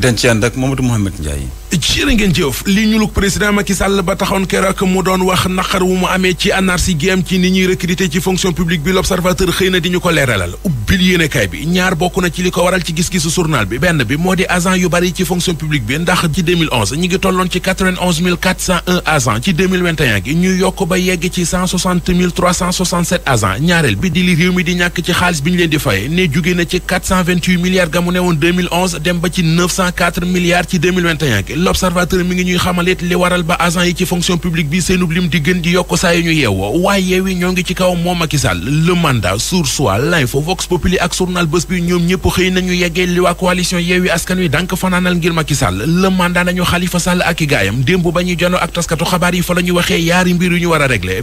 dañ ci ànd ak Mamadou Mouhamed Ndiaye jërë ngeen jëf li ñu lug président Macky Sall ba taxoon keroog mu doon wax naqar wu mu amee ci anarchie gi am ci ni ñuy recruter ci fonction publique bi l'observateur xëy na di ñu ko leeralal ubbil yéenekaay bi ñaar bokk na ci li ko waral ci gis-gisu journal bi benn bi moo di agent yu bari ci fonction publique bi ndax ci 2011 ngi tolloon ci 91 ci gi ñu yokk ba yegg ci 160 ñaareel bi di li réew mi di ñàkk 404 milliards ci 2021 l'observateur mi ngi ñuy xamalit li waral ba agent yi ci fonction publique bi seenub lim di gën di yokk saa yu ñu yeewoo waaye yeewi ñoo ngi ci kaw moom Macky Sall le mandat Source A L'Info Vox Populi ak journal Bës Bi ñoom ñëpp xëy nañu yeggee li waa coalition yeewi askan wi dànk fanaanal ngir Macky Sall le mandat nañu Khalifa Sall ak i gaayam démb ba ñuy janoo ak taskatu xabaar yi fa la waxee yaari mbir yu ñu war a régler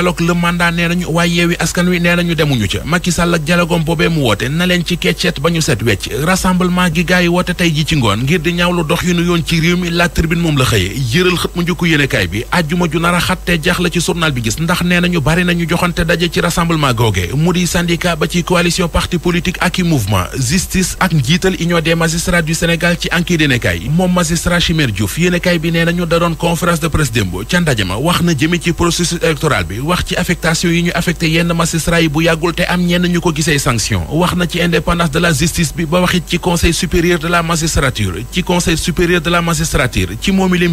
dialogue le mandat nee nañu waaye yeewi askan wi nee nañu demuñu ca Macky ak dialogoom boobee woote na ci keccet ba ñu set wecc rassemblement gi gars yi woote tey ji ci ngoon ngir di ñaawlu dox yu nu yoon ci réew mi la tribune moom la xëyee yëral xët mu njëkku yéenekaay bi àjjuma ju nar a xattee jaaxle ci journal bi gis ndax nee nañu bari nañu joxante daje ci rassemblement googe mu di syndicat ba ci coalition parti politique ak i mouvement justice ak njiital union des magistrats du Sénégal ci enquête yéenekaay moom magistrat Chimère Diouf bi nee nañu da doon conférence de presse na jëme bi wax ci affectation yi ñu affecté yenn magistrat yi bu yàggul te am ñenn ñu ko gisee sanction wax na ci indépendance de la justice bi ba waxit ci conseil supérieur de la magistrature ci conseil la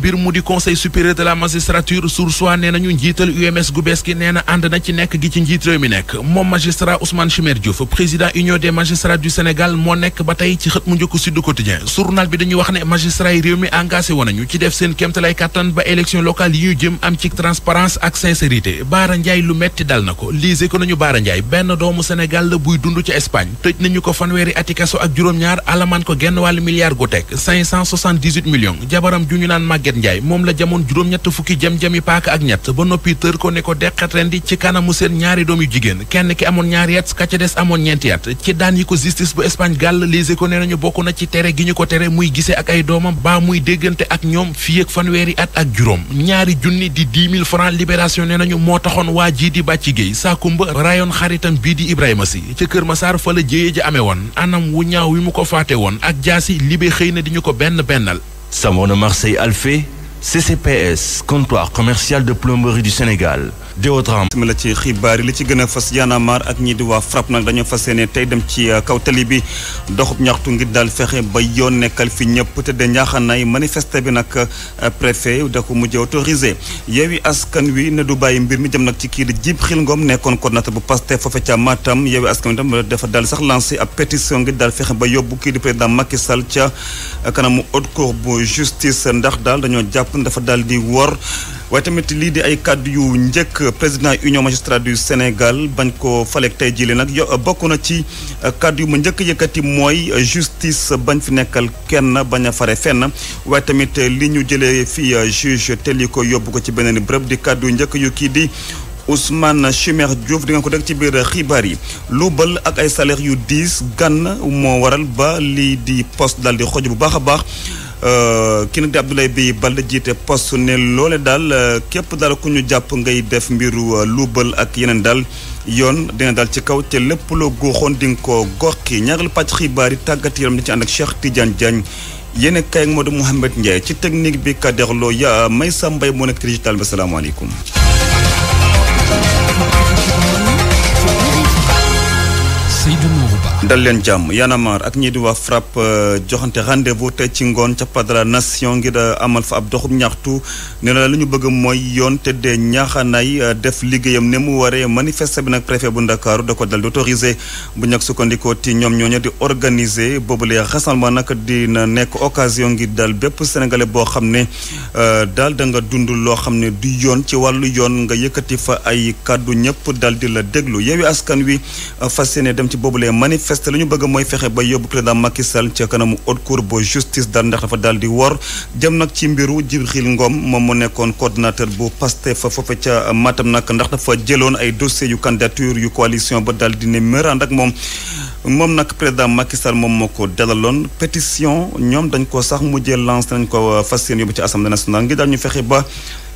mbir mu di conseil supérieur de la magistrature sur soi nee nañu njiital UMS gu bees ànd na ci nekk gi ci njiit réew mi nekk moom magistrat Ousmane Chimère Diouf président union des magistrats du Sénégal moo nekk ba tey ci xët mu njëkk Sud Quotidien journal bi ne magistrat yi réew mi engagé woon nañu def seen kéemtalaay kàttan ba élection locale yi ñu jëm am ci transparence Baara Ndiaye lu metti dal na ko liise ko nañu Baara Ndiaye benn doomu Sénégal la buy dund ca Espagne tëj nañu ko fanweeri ati kaso ak juróom-ñaar alamaan ko genn wàllu milliard gu teg 578 millions jabaram ju ñu naan Maguette Ndiaye moom la jamoon juróom-ñett fukki jam-jami paaka ak ñett ba noppi tër ko ne ko deqat ren di ci kanamu seen ñaari doom yu jigéen kenn ki amoon ñaari at ka ca des amoon ñeenti at ci daan yi ko justice bu Espagne gàll liise ko ne nañu bokk na ci tere gi ñu ko tere muy gisee ak ay doomam baa muy déggante ak ñoom fii ak fanweeri at ak juróom ñaari junni di 10 000 libération ne nañu moo tax taxoon waa jii di bàcci géey saakumba rayoon xaritam bii di ibrahima si ca kër masaar fa la jéyee ji amee woon anam wu ñaaw wi mu ko faate woon ak jaasi libe xëy na di ñu ko benn bennal Savon de Marseille Alphé CCPS comptoir commercial de plomberie du Sénégal Déotram ma la ci xibaar yi li ci gën a fas yaanamar ak ñii di waa FRAPP nag dañoo fas yéene tey dem ci uh, kaw tali bi doxub ñaxtu ngir daal fexe ba yoon nekkal fi ñëpp te de ñaaxanaay manifeste bi nag uh, préfet da ko mujj autorisé Yewwi Askan Wi ne du bàyyi mbir mi jëm nag ci kii di Djiby Khalle Ngom nekkoon coordinateur bu Pastef foofe ca Matam Yewwi Askan Wi tam dafa daal sax lancé ab pétition ngir daal fexe ba yóbbu kii di président Macky Sall ca uh, kanamu haute cour bu justice ndax daal dañoo jàpp dafa daal di wor waaye tamit lii di ay kadd yu njëkk président union magistrat du Sénégal bañ ko falek tey jii nag bokk na ci euh, kadd yu mu njëkk yëkkati mooy euh, justice bañ fi nekkal kenn bañ a fare fenn waaye tamit euh, li ñu jëlee fi juge teli ko yóbbu ko ci beneen bërëb di kàddu yu njëkk yu kii di Ousmane Chimère Diouf di nga ko deg ci biir xibaar yi lu bal ak ay salaire yu diis gànn moo waral ba lii di poste daal di xoj bu baax a baax Euh, ki nag di Abdoulaye Bèye Baldé jiite poste ne loole daal euh, képp daal ku ñu jàpp ngay def mbiru euh, luubal ak yeneen daal yoon dina daal ci kaw te lépp loo góoxoon di nga ko goxi ñaareelu pàcc xibaar yi tàggat yaram di ci ànd ak Cheikh Tidiane Diagne yéen kay ak Modou Mouhamed Ndiaye ci technique bi Kader Lo ya Maysa Mbaye moo nekk digital bi salaamaaleykum. dal leen jàmm yanamar ak ñii di waa FRAPP euh, joxante rendez-vous tey ci ngoon ca Place de la Nation ngir euh, amal fa ab doxub ñaxtu nee na ñu bëgg mooy yoon te tëddee ñaaxanaay euh, def liggéeyam ne mu waree manifester bi nag préfet bu Ndakaaru da ko dal di autorisé bu ñag sukkandikoo ti ñoom ñooñu di organiser boobulee rassemblement nag dina nekk occasion ngir daal bépp sénégalais boo xam ne daal da nga dund loo xam ne di yoon ci wàllu yoon nga yëkkati fa ay kàddu ñëpp dal di la déglu Yewwi Askan Wi manifester lu ñu bëgg mooy fexe ba yóbbu président Macky Sall ca kanamu haute cour ba justice daal ndax dafa daal di wor jëm nag ci mbiru Djibril ngoom moom mu nekkoon coordinateur bu Pastef fa foofe ca Matam nag ndax dafa jëloon ay dossiers yu candidature yu coalition ba dal di ne mërand ak moom moom nag président Macky Sall moom moo ko dalaloon petition ñoom dañ ko sax mujjee lancé nañ ko fas yéene yóbbu ci assemblée nationale ngir daal ñu fexe ba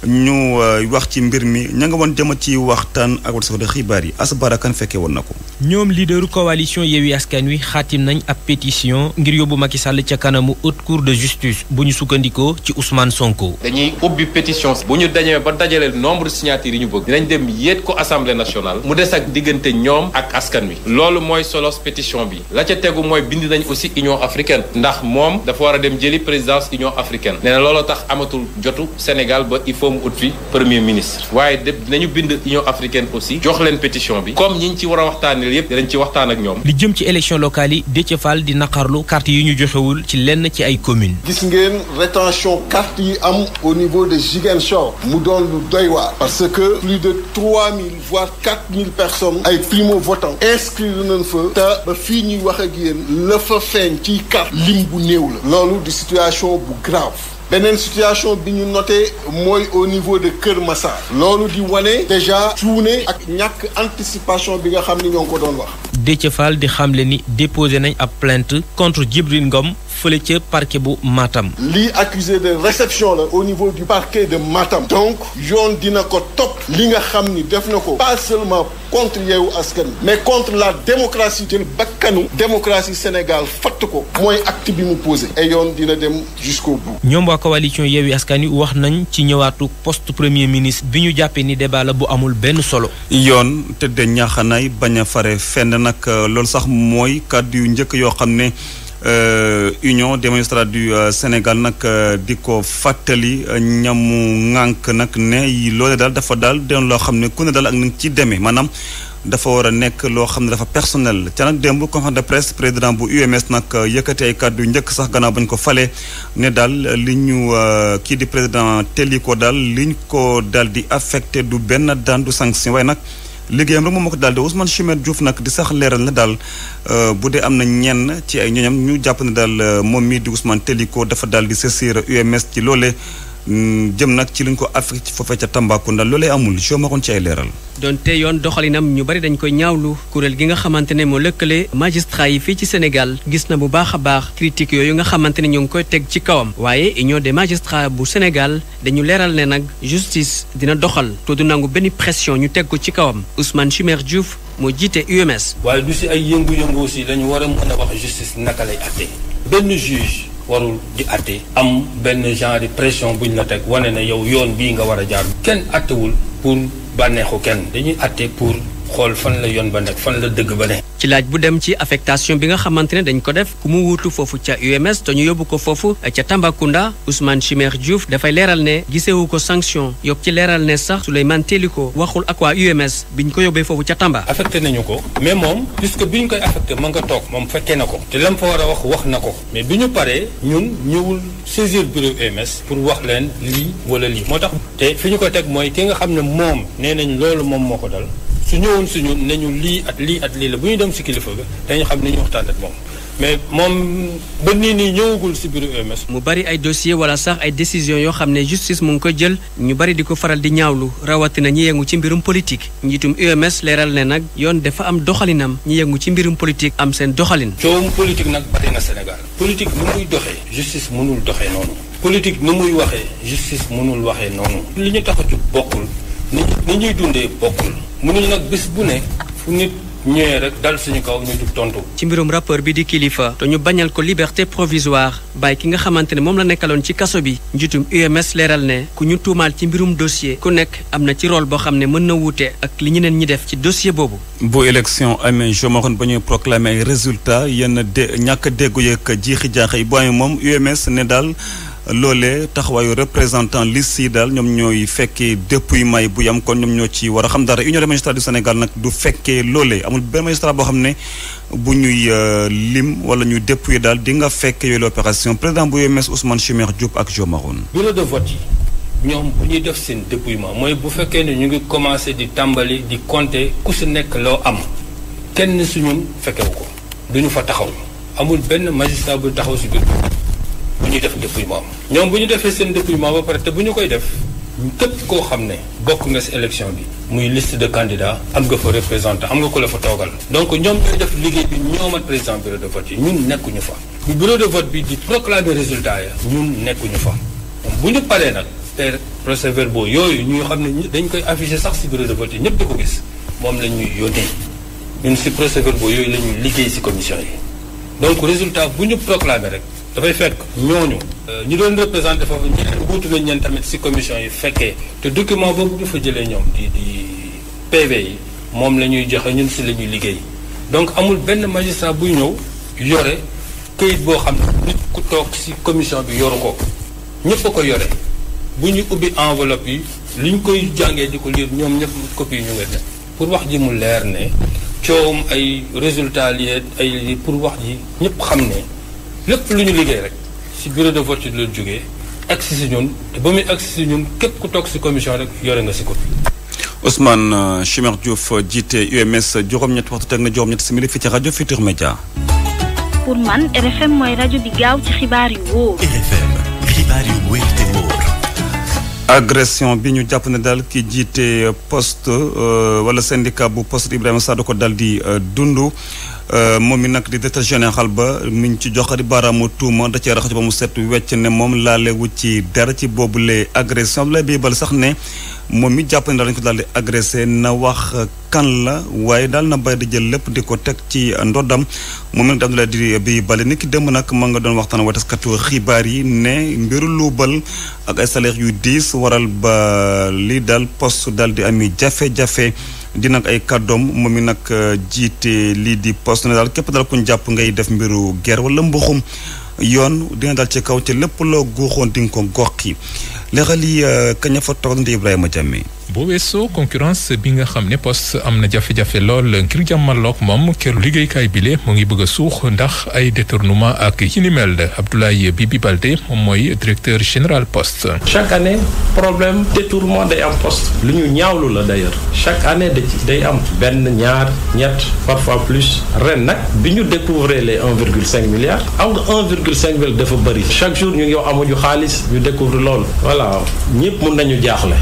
ñu euh, wax ci mbir mi ña nga woon jëm ci waxtaan ak wàllu xibaar yi Asbara kan fekkee woon na ko. ñoom leaderu coalition Yewwi Askan Wi xaatim nañ ab pétition ngir yóbbu Macky Sall ca kanamu haute cour de justice bu ñu sukkandikoo ci Ousmane Sonko. dañuy ubbi pétition bu ñu dañee ba dajalee nombre de signataires yi ñu bëgg. dinañ dem yéet ko assemblée nationale. mu des ak diggante ñoom ak askan wi. loolu mooy solos pétition bi. la ca tegu mooy bind nañ aussi Union africaine. ndax moom dafa a dem jëli présidence Union africaine. nee na looloo tax amatul jotu Sénégal ba juróom août bi premier ministre waaye de dinañu bind union africaine aussi jox leen pétition bi comme ñi ñu ci war a waxtaanee yëpp dinañ ci waxtaan ak ñoom. li jëm ci élection locale yi Déthié Fall di naqarlu carte yi ñu joxewul ci lenn ci ay commune gis ngeen rétention carte yi am au niveau de Ziguinchor mu doon lu doy waar parce que plus de trois mille voire quatre mille personnes ay primo votants inscrire nañ fa te ba fii ñuy wax ak yéen la fa feeñ ci carte lim bu néew la loolu di situation bu grave. beneen situation bi ñu noté mooy au niveau de Kër Massar loolu di wane déjà cuune ak ñàkk anticipation bi nga xam ni ñoo ngi ko doon wax. Déthié Fall di xamle ni déposé nañ ab plainte contre Djibril Ngom. fële ca parquet bu maatam lii accusé de réception la au niveau du parquet de maatam donc yoon dina ko topp. li nga xam ni def na ko. pas seulement contre Yewwi Askan mais contre la démocratie. jël bakkanu. démocratie Sénégal fatt ko. mooy act bi mu posé. et yoon dina dem jusqu'au bout. ñoom waa coalition Yewwi Askan Wi wax nañ ci ñëwaatu post premier ministre bi ñu jàppee ni débat la bu amul benn solo. yoon tëddee ñaaxanaay bañ a fare fenn nag loolu sax mooy kàddu yu njëkk yoo xam ne. Euh, union de magistrats du euh, Sénégal nag euh, di ko fàttali ñamu ŋànk nag ne loole daal dafa daal doon loo xam ne ku ne daal ak nag ci demee maanaam dafa war a nekk loo xam ne dafa personnel ca nag démb conférence de presse président bu UMS nag yëkkati ay kàddu njëkk sax gannaaw bañ ko falee ne daal li ñu kii di président ko daal liñ ko daal di affecté du benn daan du sanction waaye nag liggéeyam rek moom moo ko daal di Ousmane Chimène Diouf nag di sax leeral na daal euh, bu dee am na ñenn ci ay ñoñam ñu jàpp ne daal euh, moom mii di Ousmane Teliko dafa daal di saisir UMS ci loole Mm, jëm nag ci liñ ko Afrique foofee ca Tambacounda loolee amul soo maxoon ci ay leeral. donte yoon doxalinam ñu bari dañ koy ñaawlu kuréel gi nga xamante ne moo lëkkale magistrat yi fii ci Sénégal gis na bu baax a baax critique yooyu nga xamante ne ñoo ngi koy teg ci kawam. waaye union de magistrats bu Sénégal dañu leeral ne nag justice dina doxal te du nangu benn pression ñu teg ko ci kawam Ousmane Chimère Diouf moo jiite UMS. waaye du si ay yëngu-yëngu aussi war a mën a wax justice naka lay àtte benn juge. warul di atte am benn genre pression bu ñu la teg wane na yow yoon bii nga war a jaar kenn attewul pour bànneexu kenn dañuy atte pour xool fan la yoon ba nekk fan la dëgg ba ne. ci laaj bu dem ci affectation bi nga xamante ne dañ ko def ku mu wuutu foofu ca UMS te ñu yóbbu ko foofu ca Tambacounda Ousmane Chimère Diouf dafay leeral ne gisewu ko sanction yokk ci leeral ne sax teeli ko waxul ak waa UMS ñu ko yóbbee foofu ca Tamba. affecté nañu ko mais moom puisque bi ñu koy affecté ma nga toog moom fekkee na ko te lam fa war a wax wax na ko mais bi ñu paree ñun ñëwul saisir bureau UMS pour wax leen lii wala lii moo tax te fi ñu ko teg mooy ki nga xam ne moom nee nañ loolu moom moo ko dal su ñëwoon suñu nañu lii at lii at lii la bu ñu dem si kilifa ga dañu xam ni ñu waxtaan ak moom mais moom ba nii nii ñëwagul si bureau EMS. mu bari ay dossier wala sax ay décision yoo xam ne justice mu ngi ko jël ñu bari di ko faral di ñaawlu rawatina ñi yëngu ci mbirum politique njiitum EMS leeral ne nag yoon dafa am doxalinam ñi yëngu ci mbirum politique am seen doxalin. coowum politique nag bari na Sénégal. politique nu muy doxee. justice mënul doxe noonu. politique muy waxee. justice mënul waxee noonu. li ñu tax a bokkul. ni ni ñuy dundee bokkul mënuñu nag bés bu ne fu nit ñëwee rek dal suñu kaw ñu dug tontu. ci mbirum rappeur bi di kilifa te ñu bañal ko liberté provisoire bàyyi ki nga xamante ne moom la nekkaloon ci kaso bi njiitum UMS leeral ne ku ñu tuumaal ci mbirum dossier ku nekk am na ci rôle boo xam ne mën na wuute ak li neen ñi def ci dossier boobu. bu élection amee jomaxoon ba ñuy proclamer ay résultats yenn de ñàkk a déggu yeeg jiixi jaax yi bu moom UMS ne daal. loole taxawaayu représentant liste yi daal ñoom ñooy fekkee yu may bu yam kon ñoom ñoo ci war a xam dara union des magistrats du Sénégal nag du fekkee loolee amul benn magistrat boo xam ne bu ñuy euh, lim wala ñuy depuis daal di nga fekk yooyu l'opération président bu UMS Ousmane Chimère Diop ak Jo Maroun. bureau de ñoom bu ñuy def seen dépouillement mooy bu fekkee ne ñu ngi commencé di tàmbali di ku si nekk loo am kenn suñu fekkewu ko duñu fa taxaw amul benn magistrat bu taxaw si bu ñuy def dépouillement ñoom bu ñu defee seen dépouillement ba pare te bu ñu koy def képp koo xam ne bokk nga si élection bi muy liste de candidats am nga fa représentant am nga ko la fa toogal donc ñoom ñooy def liggéey bi ñoom ak président bureau de vote yi ñun nekkuñu fa bu bureau de vote bi résultat ya ñun nekkuñu fa bu ñu palee nag te procès verbaux yooyu ñu xam ne dañ koy affiché sax si bureau de vote yi ñëpp ko gis moom la ñuy yónnee ñun si procès verbaux yooyu la ñuy liggéey si commission yi donc résultat bu ñu proclamer rek dafay fekk ñooñu euh, ñu doon représenté foofu ñeneen wuutu nañ leen tamit si commission yi fekkee te document boobu ñu fa jëlee ñoom di di PV yi moom la ñuy joxe ñun si la ñuy liggéey donc amul benn magistrat buy ñëw yore kayit boo xam ne nit ku toog si commission bi yoru ko ñëpp a ko yore bu ñu ubbi enveloppe yi li koy jàngee di ko lire ñoom ñëpp copie yi ñu nga def pour wax ji mu leer ne coowum ay résultat li ay pour wax ji ñëpp xam ne lépp lu ñu liggéey rek si bureau de vote yi la jógee agsi si ñun te ba muy agsi si ñun képp ku toog si commission rek yore nga si ko. Ousmane euh, Chimère Diouf euh, jiite UMS juróom-ñett waxtu teg na juróom-ñett simili fii ci rajo Futur Média. pour man RFM mooy rajo bi gaaw ci xibaar yu wóor. agression bi ñu jàpp na daal ki jiite poste euh, wala syndicat bu poste Ibrahima Sadou ko dal di euh, dund euh, moom mi nag di directeur général ba mi ngi ci joxari baaraamu tuuma da cee raxas ba mu set wecc ne moom laalewu ci dara ci boobule agression lay biibal sax ne. moom mi jàpp ne daal ko daal di agressé na wax kan la waaye daal na bay di jël lépp di ko teg ci ndoddam moom nag daal di bi bale ni ki démb nag ma nga doon waxtaan wa taskatu xibaar yi ne mbiru luubal ak ay salaire yu diis waral ba li daal poste daal di ami jafe-jafe dina ay kaddoom moom mi nag jiite lii di poste ne daal képp daal kuñ jàpp ngay def mbiru guerre wala mbuxum yoon dina daal ci kaw ci lépp loo góoxoon di nga ko gox yi léexal yi euh, kañ fa boo weesoo concurrence bi nga xam ne poste am na jafe-jafe lool ngir jàmmalook moom këru liggéeykaay bile mu ngi bëgg a suux ndax ay détournement ak yi ni mel Abdoulaye bi Baldé moom mooy directeur général poste. chaque année problème détournement day am post lu ñu ñaawlu la d'ailleurs chaque année de ci day am benn ñaar ñett parfois plus ren nag bi ñu découvrir les 1,5 milliards am nga 1,5 milliard dafa bëri chaque jour ñu ngi amuñu xaalis ñu découvrir loolu voilà ñëpp mun nañu jaaxle.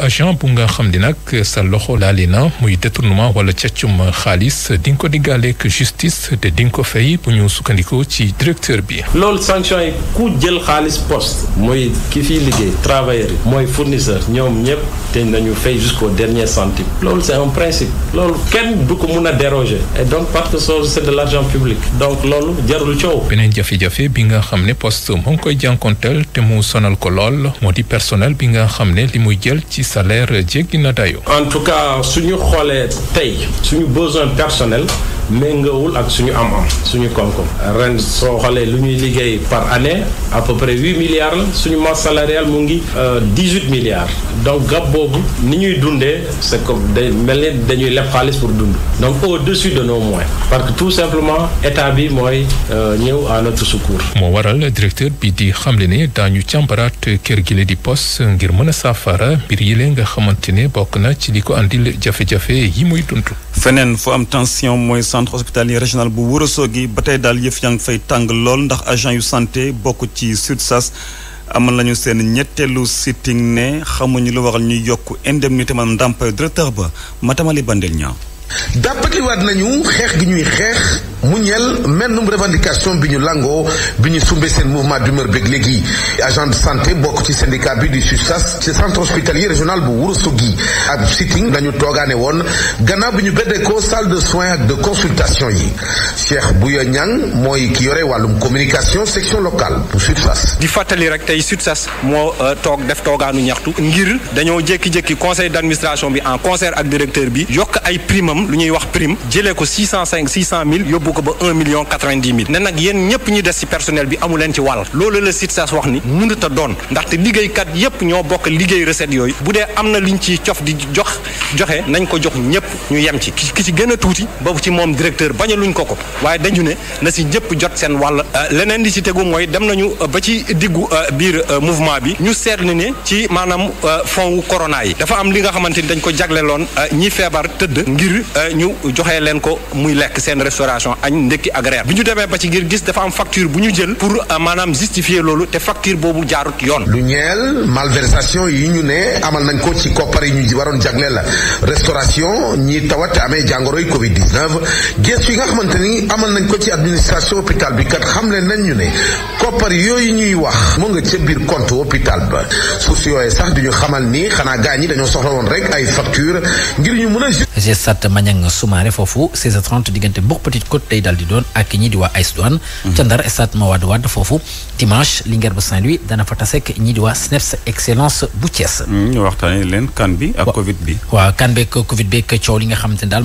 agent bu nga xam ni nag sa loxo laali na muy détournement wala càccum xaalis dinga nga ko diggaaleeg justice te di nga ko fay bu ñu sukkandiku ci directeur bi. loolu sanction yi ku jël xaalis poste. mooy kii fiy liggéey travailleur yi. mooy fournisseur ñoom ñëpp. te nañu fay jusqu'au dernier centime loolu c'est un principe loolu kenn du ko mun a déroger et donc parce que soo c'est de l'argent public donc loolu jarul coow. beneen jafe-jafe bi nga xam ne poste moo ngi koy jànkonteel te mu sonal ko lool moo di personnel bi nga xam ne li muy jël ci salaire jéggi na dayo en tout cas ñu xoolee tey suñu besoin personnel. méngawul ak suñu am-am suñu koom ren soo xoolee lu ñuy liggéey par année à peu près huit milliards suñu masse mu ngi euh, dix huit milliards donc gab boobu ni ñuy dundee sa comme day mel ni dañuy leb xaalis pour dund donc au-dessus de nos moyens que tout simplement état bi mooy euh, ñëw à notre secours. moo waral directeur bi di xamle ne daañu càmbaraat kër gi la di poste ngir mën a saafara mbir yi leen nga xamante ne bokk na ci li ko andil jafe-jafe yi muy dund. feneen fu am tension mooy centre hospitalier régional bu gi ba tey daal yëf yaa ngi fay tàng lool ndax agent yu santé bokk ci sas amal nañu seen ñetteelu sitting ne xamuñu lu waral ñuy yokk indemnité maanaam ndàmpaay directeur ba Matamali Bandel ñaa dàppatliwaat nañu xeex gi ñuy xeex mu ñeel mennum revendication bi ñu langoo bi ñu sumbee seen mouvement d'humeur beeg léegi agent de santé bokk ci syndicat bi di SUSAS ci centre hospitalier régional bu Ourossogui ab sitting lañu toogaane woon gannaaw bi ñu beddee ko salle de soins ak de consultation yi Cheikh Bouya Niang mooy ki yore wàllum communication section locale bu SUSAS. di fàttali rek tey SUSAS moo euh, toog def toogaanu ñaxtu ngir dañoo jékki-jékki conseil d'administration bi en concert ak directeur bi yokk ay primam lu ñuy wax prime jëlee ko six cent cinq cent mille yóbbu ko ba un million quatre-vingt-dix mille ne nag yéen ñëpp ñu des ci personnel bi amu leen ci wàll loolu la SITSAS wax ni mënut a doon ndaxte liggéeykat yëpp ñoo bokk liggéey recette yooyu bu dee am na liñ ciy cof di jox joxe nañ ko jox ñëpp ñu yem ci ki ci gën a tuuti boobu ci moom directeur bañ a luñ ko ko waaye dañu ne na si ñëpp jot seen wàll euh, leneen li ci tegu mooy dem nañu euh, ba ci diggu euh, biir mouvement bi ñu seetlu ne ci maanaam fonds corona yi dafa am li nga xamante ni dañ ko jagleloon ñi feebar tëdd ngir Euh, ñu joxe leen ko muy lekk seen restauration añ ndékki ak reer bi ñu demee ba ci ngir gis dafa am facture bu ñu jël pour euh, maanaam justifier loolu te facture boobu jaarut yoon. lu ñeel malversation yi ñu ne amal nañ ko ci koppar yi ñu waroon jagleel la restauration ñi tawat amee jàngoro yi Covid 19 yi nga xamante ni amal nañ ko ci administration hôpital bi kat xam leen nañ ñu ne koppar yooyu ñuy wax mu nga ca biir compte hôpital ba suuf yooyee sax duñu xamal ni xanaa gaañ ñi dañoo soxla woon rek ay facture ngir ñu mën a. Maniang Soumaré foofu 16h30 diggante Mbour Petite Côte tey daal di doon ak ñi di waa AS Douanes mhm. ca Ndar stade foofu dimanche Linguère bu Saint-Louis dana fa tasek ñi SNEPS excellence bu Thiès hmm, ñu waxtaanee leen kan bi ak covid bi waaw kan beeg covid beeg coow li nga xamante ne daal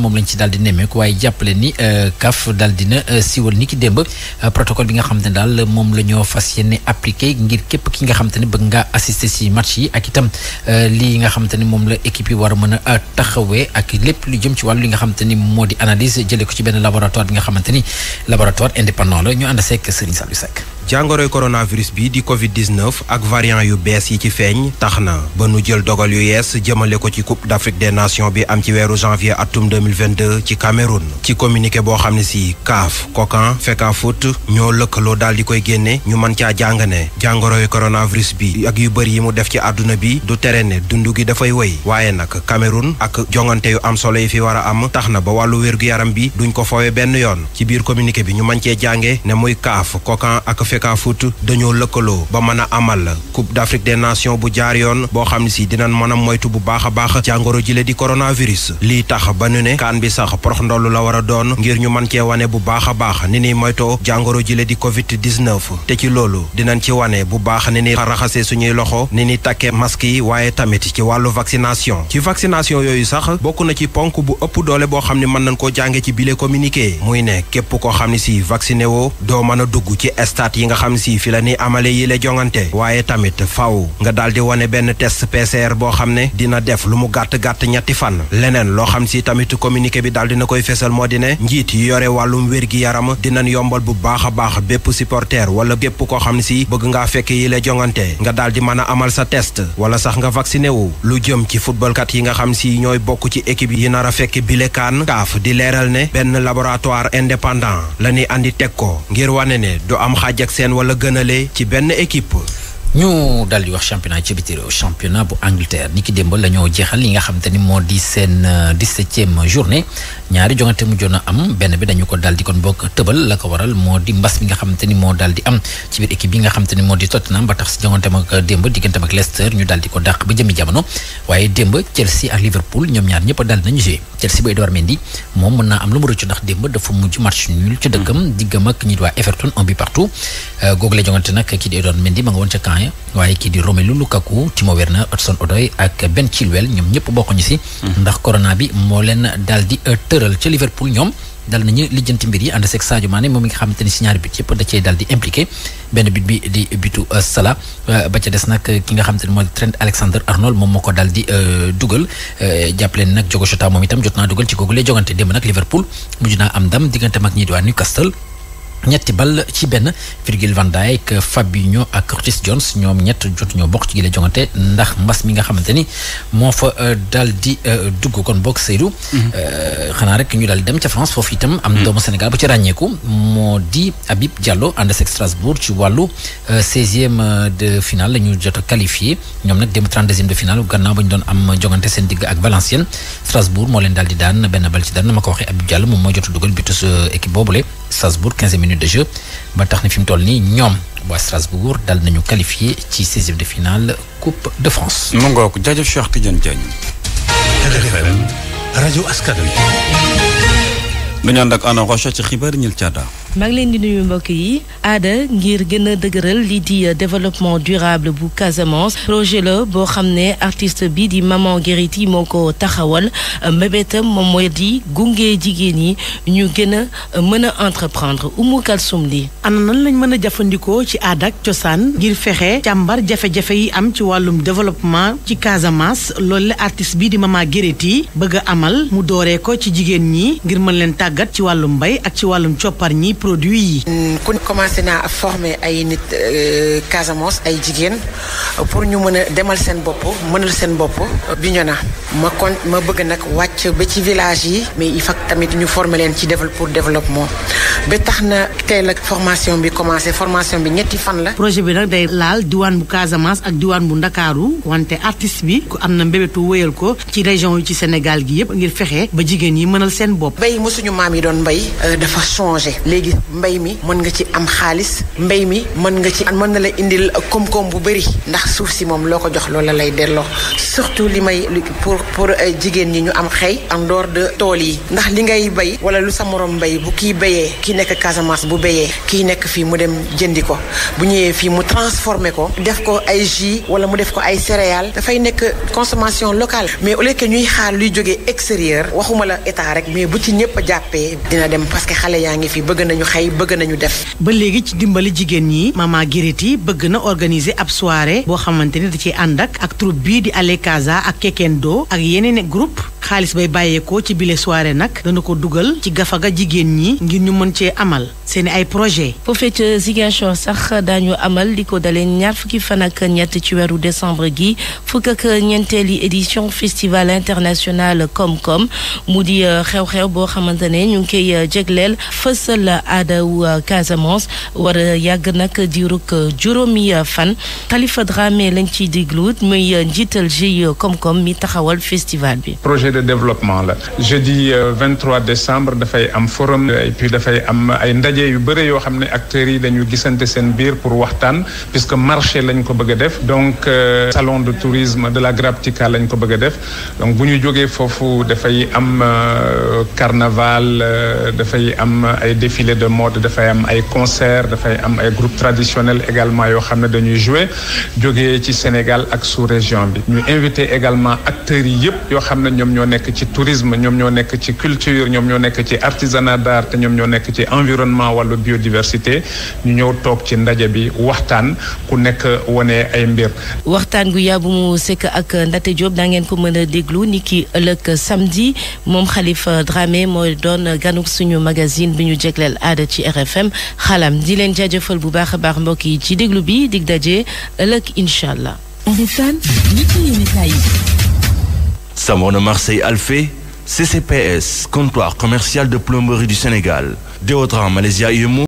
moom lañ fas yéene appliqué ngir képp ki nga xamante ne bëgg ngaa assister si match yi ak itam euh, lii nga xamante ne moom la équipe war a mën a euh, taxawee ak lépp lu jëm ci wàllu li nga xamante ni moo di analyse jëlee ko ci benn laboratoire bi nga xamante ni laboratoire indépendant la ñu ànd seek Serigne Saliou Seck jàngoro coronavirus bi di Covid 19 ak variant yu bees yi ci feeñ tax na ba nu jël dogal yu yees jëmale ko ci Coupe d'Afrique des nation bi am ci weeru janvier atum 2022 ci Cameroun ci communiqué boo xam ne si CAF COCAN FECAFOOT ñoo lëkkaloo daal di koy génne ñu mën caa jàng ne jàngoroy coronavirus bi ak yu bëri yi mu def ci àdduna bi du tere ne dund gi dafay woy waaye nag Cameroun ak jongante yu am solo yi fi war a am tax na ba wàllu wér-gu-yaram bi duñ ko fowe benn yoon ci biir communiqué bi ñu mën cee jànge Africa Foot dañoo lëkkaloo ba mën a amal Coupe d'Afrique des Nations bu jaar yoon boo xam ne si dinañ mën a moytu bu baax a baax jàngoro jile di coronavirus lii tax ba ñu ne kaan bi sax porox ndollu la war a doon ngir ñu man cee wane bu baax a baax ni ni moytoo jàngoro jile di Covid 19 te ci loolu dinañ ci wane bu baax ni ni raxasee suñuy loxo ni ni takke masque yi waaye tamit ci wàllu vaccination ci vaccination yooyu sax bokk na ci ponk bu ëpp doole boo xam ne mën nañ koo jànge ci bile communiqué muy ne képp a dugg ci stade yi nga xam si fi la ni amale yi jongante waaye tamit faw nga daal di wane benn test PCR boo xam ne dina def lu mu gàtt-gàtt ñetti fan leneen loo xam si tamit communiqué bi daal dina koy fesal moo di ne njiit yi yore wàllum wér gi yaram dinañ yombal bu baax a baax bépp supporter wala gépp koo xam si bëgg ngaa fekk yi la jongante nga daal di mën a amal sa test wala sax nga vacciné wu lu jëm ci footballkat yi nga xam si ñooy bokk ci équipe yi nar a fekk bile kaan kaaf di leeral ne benn laboratoire indépendant la ñuy andi teg seen wala gënale ci benn équipe. ñu daal di wax championnat ci biti réew championnat bu Angleterre ni ki démb la ñoo jeexal li nga xam ni moo di seen euh, dix-septième journée ñaari jongante mujjoon a am benn bi dañu ko daal di kon bokk tëbal la ko waral moo di mbas bi nga xam te ni moo daal di am ci biir équipe bi nga xam te ni moo di Tottenham ba tax si jongante ak euh, démb diggante ak Leicester ñu daal di ko dàq ba jëmi jamono waaye démb Chelsea ak Liverpool ñoom ñaar ñëpp daal nañu joué Chelsea bu Edouard Mendy moom mën naa am lu mu rëccu ndax démb dafa mujj match nul ca dëkkam hmm. diggam ak ñi di waa Everton un but partout euh, googu jongante nag kii di Edouard Mendy ma nga woon ca camp ya waaye kii di Romelu Lukaku Timo Werner Hudson Odoi ak Ben Chilwell ñoom ñëpp bokkuñu si hmm. ndax corona bi moo leen daal di euh, tëral ca Liverpool ñoom dal nañu lijjanti mbir yi ànd seeg Sadio Mané moom mi nga xamante ni si ñaari but yëpp da cee dal di impliqué benn but bi di butu euh, Salah euh, ba ca des nag euh, ki nga xam te ni mooy Trent Alexander Arnold moom moo ko dal di dugal jàppale nag Diogo Jota moom itam jot naa dugal ci googu lay jogante démb nag Liverpool mujj naa am ndam diggante mag ñi di waa Newcastle ñetti bal ci benn Virgil van Dijk Fabinho ak Curtis Jones ñoom ñett jot ñoo bokk ci gile jongante ndax mbas mi nga xamante ni moo fa euh, daal di euh, dugg kon bokk Seydou. Mhm. Euh, xanaa rek ñu daal dem ca France foofu itam. am mhm. doomu Sénégal bu ci ràññeeku. moo di Habib Diallo ànd ak Strasbourg ci wàllu seizième de finale ñu jot a qualifié ñoom nag dem trente-deuxième de finale gannaaw ba ñu doon am jongante seen digg ak Valenciennes Strasbourg moo leen daal di daan benn bal ci dara na ma ko waxee Habib Diallo moom moo jot a dugal bitus équipe boobule. Strasbourg 15 minutes de jeu ba tax na fi mu toll nii ñoom waa Strasbourg dal nañu qualifié ci 16 de finale Coupe de France. mu ngoog jaajëf Cheikh Tidiane Diagne. RFM maa leen di nuyu mbokk yi aada ngir gën a dëgëral lii di développement durable bu Casamance projet la boo xam ne artiste bi di Maman Guériti moo ko taxawal mbébétam moom mooy di gunge jigéen ñi ñu gën a mën a entreprendre Oumou Kalsoum li ana nan lañ mën a jëfandikoo ci aada ak cosaan ngir fexe càmbar jafe-jafe yi am ci wàllum développement ci Casamance loolu la artiste bi di Maman Guériti bëgg amal mu dooree ko ci jigéen ñi ngir mën leen tàggat ci wàllum mbay ak ci wàllum coppar produit yi. Euh, kon commencé naa former ay nit euh, Casamance ay jigéen pour ñu mën a demal seen bopp mënal seen bopp. Bignona ma kon ma bëgg nag wàcc wàcc ba ci village yi mais il faut tamit ñu former leen ci pour développement ba tax na tey la formation bi commencé formation bi ñetti fan la projet bi nag day laal diwaan bu Casamance ak diwaan bu Ndakaaru wante artiste bi ku am na mbébétu wéyal ko ci région yi ci Sénégal gi yëpp ngir fexe ba jigéen yi mënal seen bopp mbéy mosuñu maam yi doon mbéy euh, dafa changé léegi mbéy mi mën nga ci am xaalis mbéy mi mën nga ci mën na la indil koom-koom bu bëri ndax suuf si moom loo ko jox lool loola lay delloo surtout li may pour euh, ñi ñu bay en dehors de tool yi ndax li ngay bay wala lu sa moroom bay bu kii béyee kii nekk Casamance bu béyee kii nekk fii mu dem jëndi ko bu ñëwee fii mu transformé ko def ko ay jus wala mu def ko ay céréales dafay nekk consommation locale mais au lieu ñuy xaar luy jóge extérieur waxuma la état rek mais bu ci ñëpp jàppee dina dem parce que xale yaa ngi fii bëgg nañu xay bëgg nañu def. ba léegi ci dimbali jigéen ñi mama bëgg na organiser ab soirée boo xamante ni da ciy xaalis bay bàyyeekoo ci bile soirée nag dana ko dugal ci gafaga jigéen ñi ngir ñu mën cee amal seen ay projet foofee ca Ziguinchor sax daañu amal di ko dalee ñaar fukki fan ak ñett ci weeru décembre gi fukk ak ñeenteeli édition festival international koom-koom mu di euh, xew-xew boo xamante ne ñu ngi koy euh, jegleel fësal aadawu euh, Casamance war a yàgg nag diirug juróomi fan Khalifa Dramé lañ ciy diglu muy njiital GIE koom-koom mi taxawal festival bi. projet de développement la jeudi 23 décembre dafay am forum et dafay am ay ndaje. daje yu bëre yoo xam ne acteurs yi dañu gisante seen biir pour waxtaan puisque marché lañ ko bëgg a def donc euh, salon de tourisme de la Graptica lañ ko bëgg a def donc bu ñu jógee foofu dafay am euh, carnaval euh, dafay am ay défilé de mode dafay am ay concert dafay am ay groupe traditionnel également yoo xam ne dañuy jouer jógee ci Sénégal ak sous-région bi ñu invité également acteurs yi yëpp yoo xam ne ñoom ñoo nekk ci tourisme ñoom ñoo nekk ci culture ñoom ñoo nekk plan wàllu biodiversité ñu ñëw toog ci ndaje bi waxtaan ku nekk wane ay mbir. waxtaan gu mu sekk ak Ndate Diop dangeen ko mën déglu ni ki ëllëg samedi moom Khalifa Dramé mooy doon ganuk suñu magazine bi ñu jégleel aada ci RFM xalam di leen jaajëfal bu baax a baax mbokk yi ci déglu bi dig daje ëllëg incha allah. Samorno Marseille Alphé CCPS comptoir commercial de plomberie du Sénégal. Déodorant Malaysia yumu